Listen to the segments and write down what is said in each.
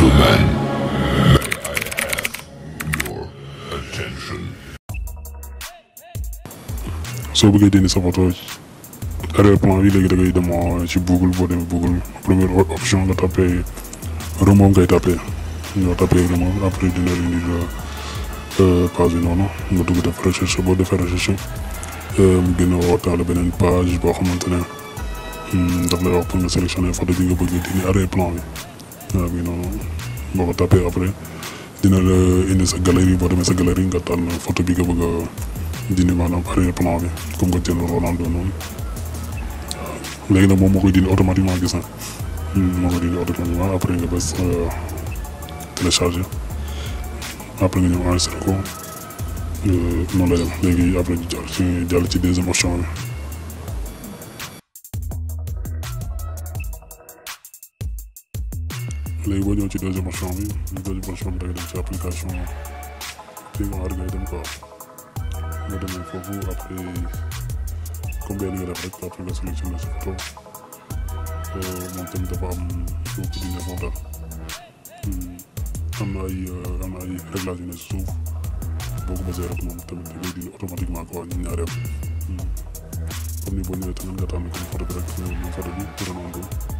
gentlemen, may I have your attention? soo bëggee dindi sa photo arrière-plan bi léegi da ngay dem ci Google boo demee Google première option nga tapé remove ngay tapé nga tapé remove après dina indi la page bi noonu nga dugg def recherche boo defee recherche mu génne waxtaan la beneen page boo xamante ne daf lay wax pour nga sélectionner photo bi nga bëgg dindi arrière-plan bi. waaw bi boo ko tapé après dina indi sa galerie boo demee sa galerie nga tànn photo bi nga bëgg a dindi maanaam arrière plan bi comme nga jël Ronaldo noonu waaw ah, léegi nag moom moo koy dindi automatiquement gis na hmm, moo koy dindi automatiquement après nga bës euh, télécharger après nga ñëw enregistré ko euh, noonu la dem léegi après jàll ci jàll ci deuxième legal de utilidade Machomi, utilidade Machomi da grande aplicação tem um algoritmo que manda me fogo apre combina a aplicação apre la seleção de foto montando da bam o que tinha foda ama aí ama aí reglagem de suco pouco mais era como também tem o automaticamente com a minha área como nem bonito também já está me confortável com o meu fato de tudo não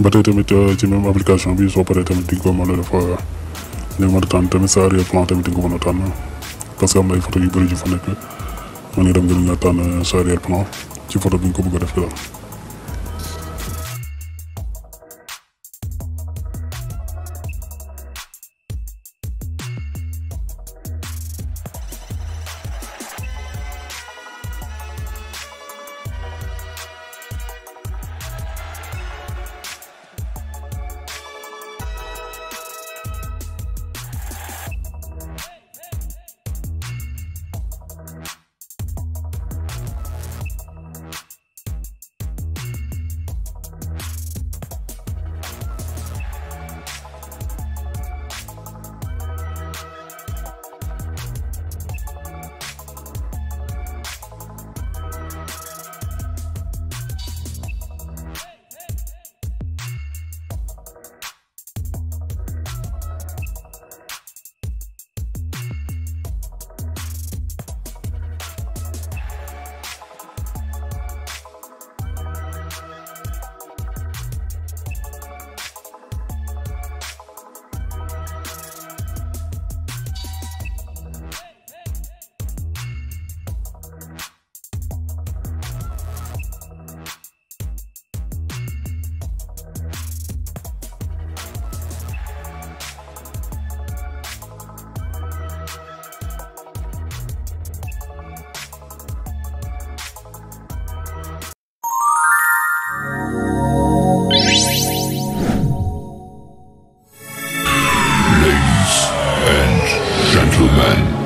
ba tamit euh, ci même application bi soo paree tamit di nga ko mën a def euh, di nga a tànn tamit sa arrière plan tamit nga ko mën a parce que am na ay photo yu bëri yu fa nekk mën nga dem nga tànn euh, sa arrière plan ci photo bi nga ko bëgg a def daal. gentlemen.